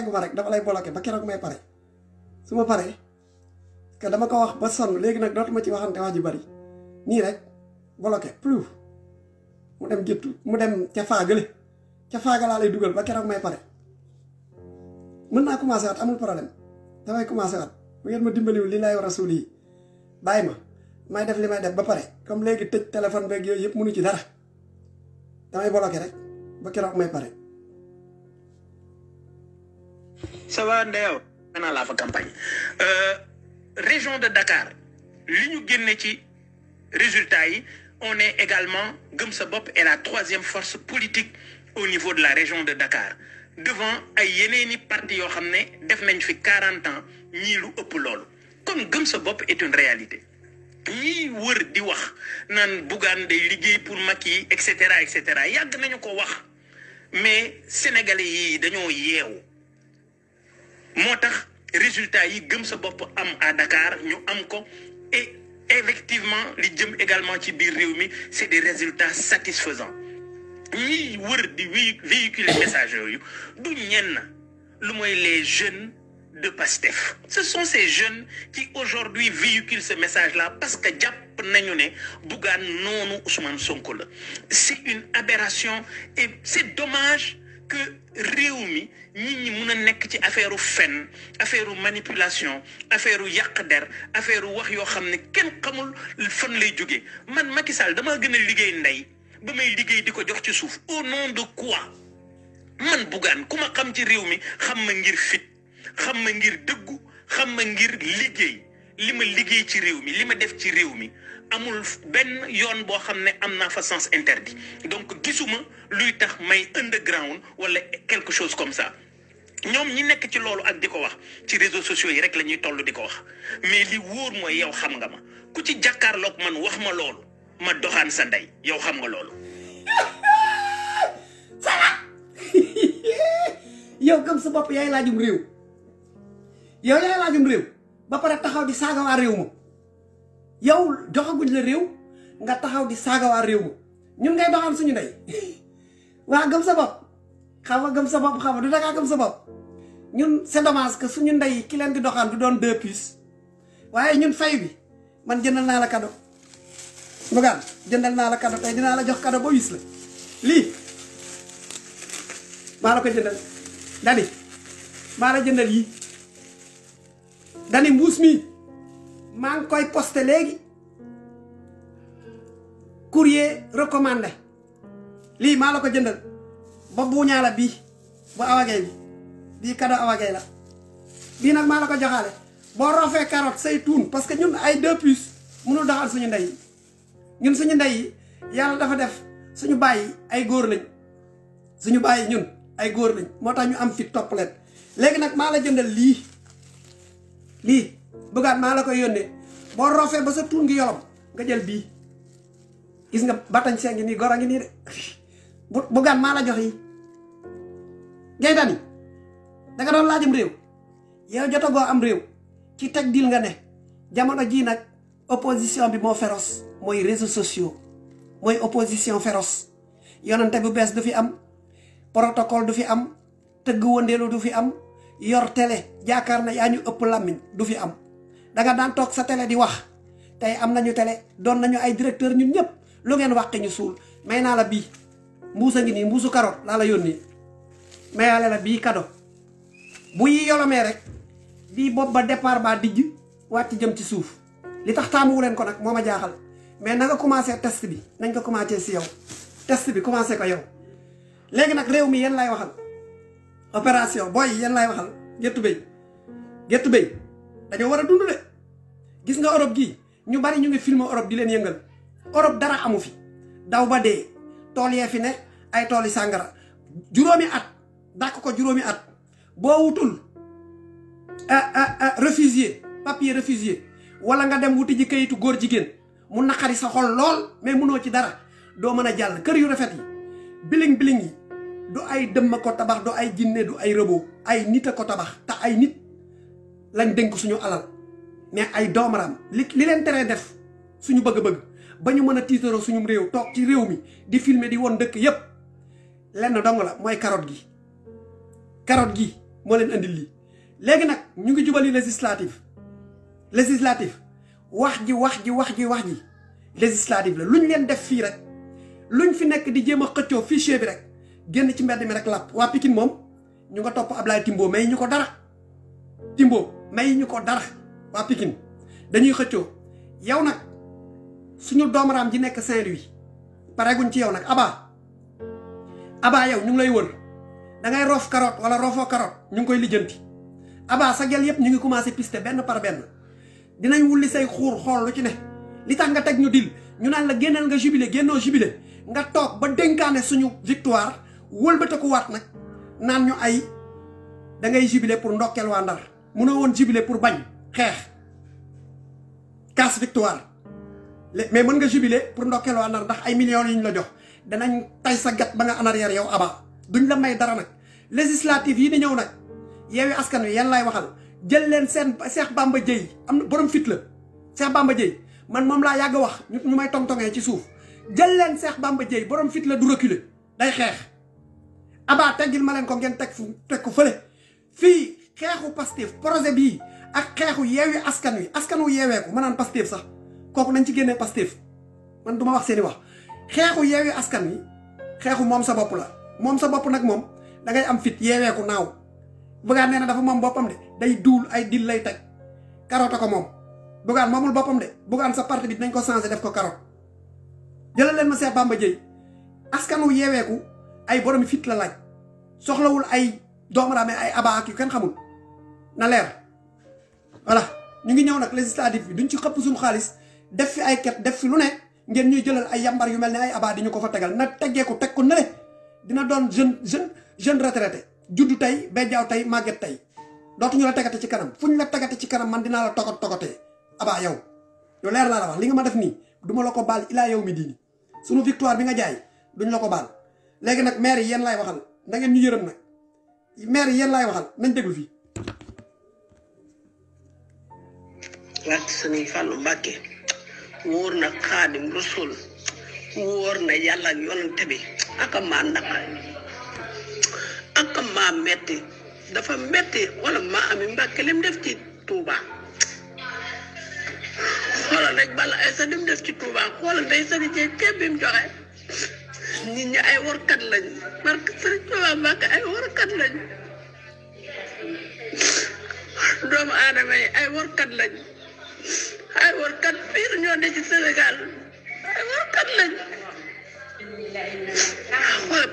tàggu ma rek lay bloqué ba keroog may pare su ma paree que dama ko wax ba sonn léegi nag dootuma ci waxante wax ju bari nii rek bloqué plus mu dem jëttu mu dem ca faagale ca faaga lay dugal ba keroog may pare mën naa commencé waat amul problème damay commencé waat bu ngeen ma dimbaliwul li lay war a suul yi bàyyi ma may def li may def ba pare comme léegi tëj téléphone beeg yooyu yëpp mënu ci dara damay bloqué rek ba keroog may pare. ça va on a la campagne euh, région de Dakar l'Union résultat on est également Gumsabop est la troisième force politique au niveau de la région de Dakar devant un parti qui a ans il est une réalité wër di wax naan day pour train de et cetera et mais sénégalais yi motax tax résultat yi gëm sa bop am à Dakar ñu am ko et effectivement li jëm également ci biir réew c'est des résultats satisfaisants ñiy wër di véhiculer message yooyu du ñenn lu mooy les jeunes de PASTEF ce sont ces jeunes qui aujourd'hui véhiculent ce message là parce que jàpp nañu ne Bougane noonu Ousmane Sonko la c'est une aberration et c'est dommage que réew mi nit ñi mun a nekk ci affaire fen affaire manipulation affaire yàq der affaire wax yoo xam ne kenn xamul fan lay jóge man Macky Sall damaa gën a liggéey ndey ba may liggéey di ko jox ci suuf au nom de quoi man Bougane ku ma xam ci réew mi xam ma ngir fit xam ma ngir dëggu xam ma ngir liggéey. li ma ci réew mi def ci amul benn ne fa interdit donc gisuma luy tax may underground wala quelque chose comme ça ñoom ñi nekk ci loolu ak di wax ci réseaux sociaux yi rek wax mais li wóor mooy yow xam nga ma ku ci man wax ma ma doxaan sa ndey yow xam nga loolu. yow ba pare taxaw di saaga réew ma yow joxaguñ la réew nga taxaw di saaga waa réew ma ñun ngay doxal suñu ndey waa gëm sa bopp xam nga gëm sa bopp xam nga du dakaa gëm sa bopp ñun c'est dommage que suñu ndey ki leen di doxal du doon deux puces waaye ñun fay bi man jëndal naa la kado Bougane jëndal naa la kado tey dinaa la jox kado ba wis la lii maa la ko jëndal dani maa la jëndal yii dani musmi mi maa koy posté léegi courrier recommandé li maa la ko jëndal ba buuñaa la bu awage bi Di kado awage la bi nak maa la ko joxaale boo roofee carotte sey tun parce que ñun ay deux puces mënu doxal suñu ndey ñun suñu ndey yalla dafa def suñu bayyi ay goor lañ suñu bayyi ñun ay goor lañ motax ñu am fi toplet leen nak jëndal li li bëggaat maa la koy yónnee boo roofee ba sa tuun ngi yolom nga jël bii gis nga batañ seng ngi nii gor a ngi nii de bëggaat maa la jox yi ngay dani danga doon laajam réew yow jotagoo am réew ci teg dil nga ne jamono jii nag opposition bi moo féroce mooy réseaux sociaux mooy opposition féroce yonante bu bees du fi am protocole du fi am tëgg wëndeelu du fi am yor télé yaakaar na yañu ëpp làmmiñ du fi am da nga daan toog sa télé di wax tey am nañu télé doon nañu ay directeur ñun ñëpp lu ngeen wàqe ñu suul may naa la bii mbuusa ngi nii mbuusu karot laa la yónni mayale la bii kado bu yi yolomee rek bii bopp ba départ ba dijj wàcc jëm ci suuf li tax taamuwu leen ko nag moo ma jaaxal mais na nga commencé test bi nañ ko commencé si yow test bi commencé ko yow léegi nag réew mi lay waxal opération boy, yéen lay waxal gettu bey gettu bey dañu wara dundu dund de gis nga Europe gi ñu bari ñu ngi film Europe di leen yëngal Europe dara amu fi daw ba de tol ye fi ne ay toli sangara juromi at dak ko juromi at bo wutul refusé papier refusé wala nga dem wuti ji kayitu gor jigen mu nakari sa xol lol mais mënoo ci dara do mën jall yu rafet yi biling biling yi Do ay dem ko tabax du ay jinne du ay rëbo ay nit ko tabax ta ay nit lañ denk suñu alal mais ay domaram li len téré def suñu bëgg-bëgg bañu mëna mën suñu réew tok ci réew mi di filmé di won dëkk yépp lenn dong la moy carotte gi carotte gi mo len andil li légui nak ñu ngi jubali législatif législatif wax ji wax ji wax ji wax ji législatif la luñ len def fi rek luñ fi nek di jema xëccio fichier bi rek génn ci mbedd mi rek lap waa Pikine moom ñu nga topp Ablaye Timbo may ñu ko dara Timbo may ñu ko dara waa Pikine dañuy xëccoo yow nag suñu doomaraam ji nekk Saint-Louis pareeguñ ci yow nag Aba Aba yow ñu ngi lay wër da ngay rof carotte wala rofo carotte ñu ngi koy lijeenti Aba sa gel yëpp ñu ngi commencé piste benn par benn dinañ wulli say xuur xool lu ci ne li tax nga teg ñu dil ñu naan la génneel nga jubilé génnoo jubilé nga toog ba dénkaane suñu victoire wëlbate ko wat nak nan ñu ay da ngay jubilé pour ndokkel wa ndar mënoo won jubilé pour bañ xex casse victoire mais mën nga jubilé pour ndokkel wa ndar ndax ay millions yi ñu la jox danañ tay sa gat ba nga en arrière yow aba duñ la may dara nak législative yi ni ñew nak yewi askan yi yan lay waxal jël leen sen Cheikh Bamba Dièye am borom fit la Cheikh Bamba Dièye man mom la yag wax ñu may tong tongé ci suuf jël leen Cheikh Bamba Dièye borom fit la du reculer day xex aba ah teggil malen ko ngeen tek fu teg ko fele fi xexu Pastef projet bi ak xexu yewi askan wi askan wu yewé ko manan naan Pastef sax koku nañ ci génnee Pastef man duma wax seeni wax xexu yewi askan wi xexu mom sa bop la mom sa bop nak mom da ngay am fit yewé ko naw bëggaan nee na dafa mom bopam de day dul ay dil lay tek karota ko moom bëggaan moomul boppam de bëggaan sa parti bi dañ ko changer def ko karot jëlal leen ma sé Bamba jey askan wu ko ay borom fit la laaj soxlawul ay doomaraame ay abaak yu kenn xamul na leer voilà ñu ngi ñëw nag législative bi duñ ci xëpp suñu xaalis def fi ay ket def fi lu ne ngeen ñuy jëlal ay yambar yu mel ne ay abaa di ñu ko fa tegal na teggee ko teg ko nële dina doon jeune jeune jeune retraité juddu tey bejjaaw tey màgget tey dootuñu la tegate ci kanam fu ñu la tegate ci kanam man dinaa la togot togote abaa yow yow leer laa la wax li nga ma def nii duma la ko baal ilaa yow mi diini suñu victoire bi nga jaay duñ ko baal léegi nag maire yéen laay waxal da ngeen ñu yërëm nag maire yéen laay waxal nañ déglu fii. wàcc suñuy fàllu mbàkke wóor na xaadim rasul wóor na yàlla ak yonante bi ak maa naqar ak maa metti dafa metti wala maa ami mbàkke lim def ci Touba xoolal rek bala ay lim def ci Touba xoolal day sadi jee bi mu joxe nit ñi ay warkat lañ barke Sëriñ Tuubaa Mbàkke ay warkat lañ doomu aadama yi ay warkat lañ ay warkat biir ñoo ne ci Sénégal ay warkat lañ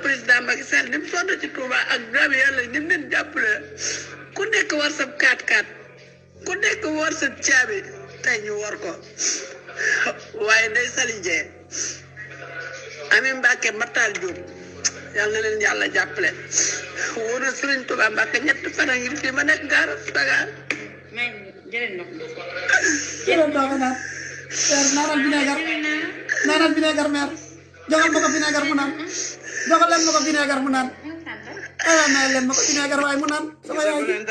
président Macky Sall ni mu ci Touba ak jaam yàlla ni mu leen jàppale ku nekk war sa kaat kaat ku nekk war sa caabi tey ñu war ko waaye day salijee Amin Mbacke Matal Diop yàlla na leen yàlla jàppale Serigne Touba Mbacke ñett fan a ngi fi ma nekk gaar Dakar. jërëjëf doomu naan. mère naanal vinaigre naanal vinaigre mère joxal ma Jangan vinaigre mu naan joxal leen ma ko vinaigre mu naan. aywa naa leen ma ko vinaigre waaye mu naan. sama yaay leen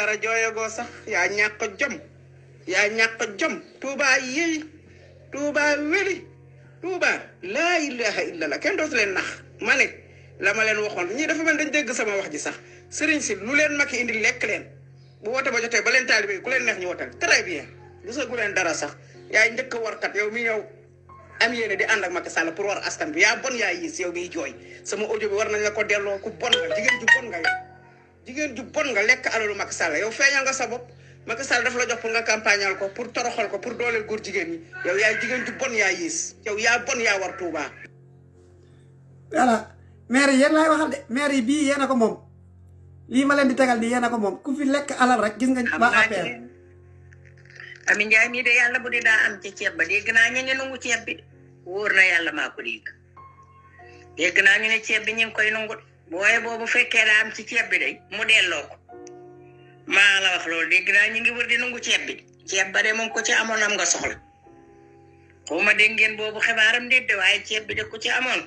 dara Touba laa ilaha illa la kenn dootu leen nax ma ne la ma leen waxoon ñii dafa mel dañ dégg sama wax ji sax sëriñ si lu leen makki indi lekk leen bu woote ba jotee ba leen taalibe ku leen neex ñu wotal très bien gisagu leen dara sax yaay njëkk war kat yow mi yow am yéene di ànd ak Macky Sall pour war askan bi yaa bon yaa yiis yow miy jooy sama audio bi war nañ la ko delloo ku bon nga jigéen ju bon nga yow lekk alalu Macky Sall yow feeñal nga sa bopp Maka sal daf la jox pour nga campagnal ko pour toroxal ko pour dooleel gor jigen ni yow yaay jigen ju bon yaa yiis yow ya bon ya war Touba. wala mère yeen lay waxal de mère bi yeen ako mom li ma len di tegal di yeen ako mom ku fi lek alal rek gis nga. ba affaire Ami Ndiaye mi de yalla budi da am ci ceeb ba dégg naa ngi nangu bi wóor na yalla maa ko dégg dégg naa ñu ne bi koy nungu boye bobu fekke la am ci de mu delo ko. maa la wax loolu dégg naa ñu ngi wër di nangu ceeb bi ceeb ba de moom ko ci amoon am nga soxla xaw ma dégg ngeen boobu xibaaram déedéet waaye ceeb bi de ko ci amoon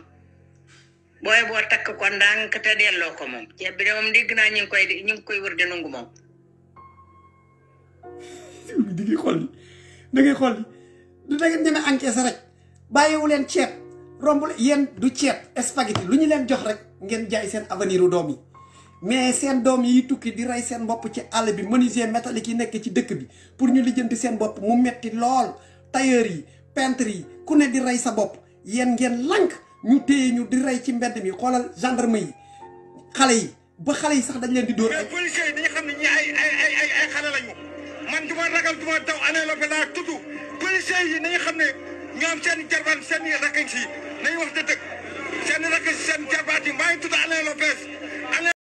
booy boo takk ko ndànk te delloo ko moom ceeb bi de moom dégg naa ñu ngi koy ñu ngi koy wër di nangu moom. di ngi xool da ngay xool du da ngeen ñeme encaisse rek bàyyiwu leen ceeb romb yéen du ceeb spaghetti lu ñu leen jox rek ngeen jaay seen avenir doom yi. mais seen doom yi tukki di ray seen bop ci àll bi menuisier métallique yi nek ci dëkk bi pour ñu lijeenti seen bop mu metti lool tailleur yi peintre yi ku ne di ray sa bop yeen ngeen lank ñu téye ñu di ray ci mbedd mi xolal gendarme yi xalé yi ba xalé yi sax dañ leen di door ay policiers yi dañu xamni ñi ay ay ay ay xalé lañu man duma ragal duma taw ané la laa tudd yi dañu xamni ñom seen jarbaan seen rakk wax dëgg seen rakk seen jarbaati may tuddu ané tudd